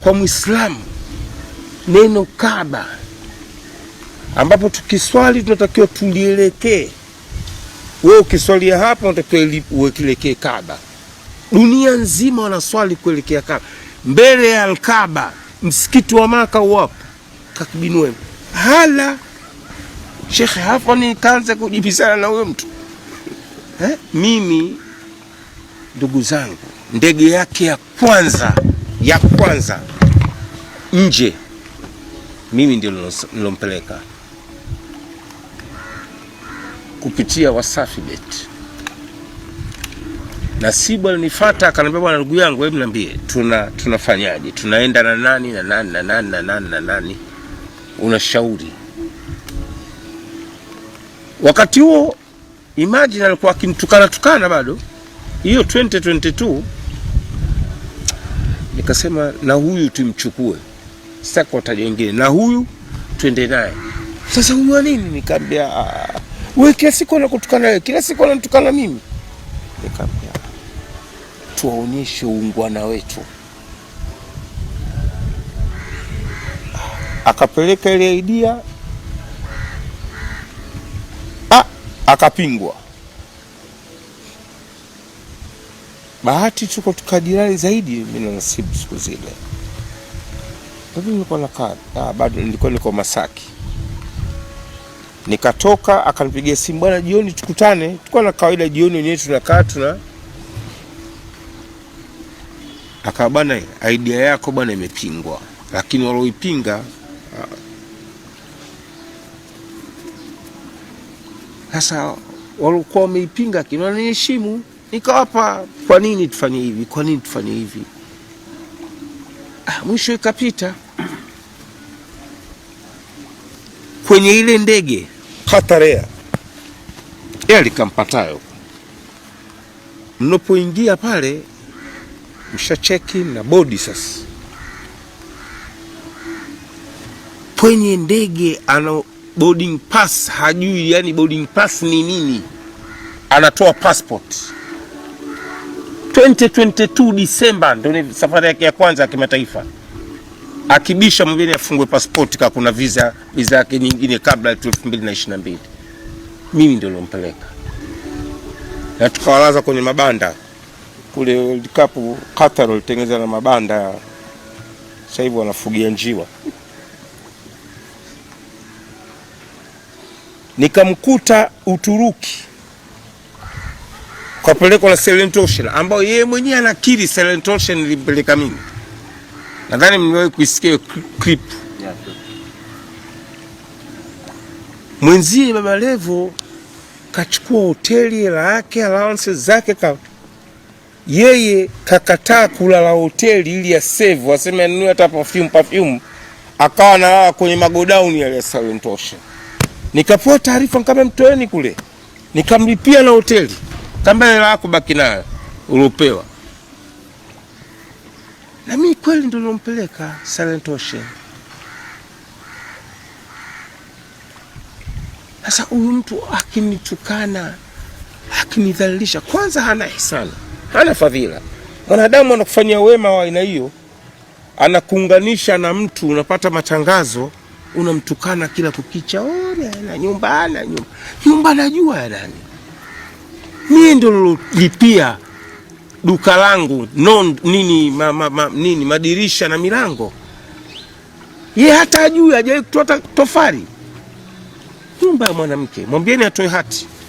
kwa Muislamu neno Kaaba, ambapo tukiswali tunatakiwa tulielekee. Wewe ukiswalia hapa unatakiwa uelekee Kaaba. Dunia nzima wanaswali kuelekea Kaaba, mbele ya Alkaaba, msikiti wa Maka uwapo kakibinwe hala Shekhe, hapo nikaanza kujibizana na huyo mtu eh? Mimi ndugu zangu, ndege yake ya kwanza ya kwanza nje, mimi ndio nilompeleka kupitia Wasafi Bet, na Sibu alinifuata akaniambia, bwana ndugu yangu, hebu niambie tuna tunafanyaje? Tunaenda na nani na nani na nani na nani na nani, unashauri. Wakati huo imagine alikuwa akinitukana tukana bado, hiyo 2022 nikasema na huyu tumchukue, sitaki wataja wengine, na huyu twende naye. Sasa huyu nini? Nikamwambia wewe, kila siku anakutukana wewe, kila siku ananitukana mimi. nikaambia tuwaonyeshe uungwana wetu. Akapeleka ile idea, ah, akapingwa. bahati tuko tukajirani zaidi, mimi na Nasibu siku zile nilikuwa nakaa ah, bado nilikuwa niko Masaki, nikatoka akanipigia simu, bwana, jioni tukutane. Tulikuwa na kawaida jioni wenyewe tunakaa tuna akawa bwana, idea yako bwana imepingwa, lakini walioipinga ah. sasa, walikuwa wameipinga kinaniheshimu nikawapa, kwa nini tufanye hivi, kwa nini tufanye hivi. Ah, mwisho ikapita kwenye ile ndege Qatar Air likampatayo mnapoingia pale, msha check in na bodi. Sasa kwenye ndege ana boarding pass, hajui yani boarding pass ni nini, anatoa passport 2022 Disemba ndio safari yake ya kwanza ya kimataifa. Akibisha mgeni afungwe pasipoti kama kuna visa visa yake nyingine kabla ya 2022. Mimi ndio nilompeleka. Na tukawalaza kwenye mabanda. Kule World Cup Qatar walitengeneza na mabanda. Sasa hivi wanafugia njiwa. Nikamkuta Uturuki kapelekwa na Selentoshen ambao yeye mwenyewe anakiri Silent Selentoshen nilimpeleka mimi. Nadhani mliwahi kuisikia clip. Mwenzie Baba Levo kachukua hoteli hela yake allowance zake ka yeye kakataa kulala hoteli ili ya save, aseme anunue hata perfume perfume, akawa analala kwenye magodown yale ya Selentoshen. Nikapewa taarifa, nikamwambia mtoeni kule, nikamlipia na hoteli kamba hela yako baki nayo uliopewa. Na mimi kweli ndo nilompeleka Silent Ocean. Sasa huyu mtu akinitukana, akinidhalilisha, kwanza hana hisana, hana fadhila. Mwanadamu anakufanyia wema wa aina hiyo, anakuunganisha na mtu, unapata matangazo, unamtukana kila kukicha, ona oh, na nyumba, na nyumba, nyumba najua ya nani mimi ndo nilolipia duka langu non, nini, ma, ma, ma, nini madirisha na milango. Ye hata ajui, hajawahi kutoa tofali. Nyumba ya mwanamke, mwambieni atoe hati.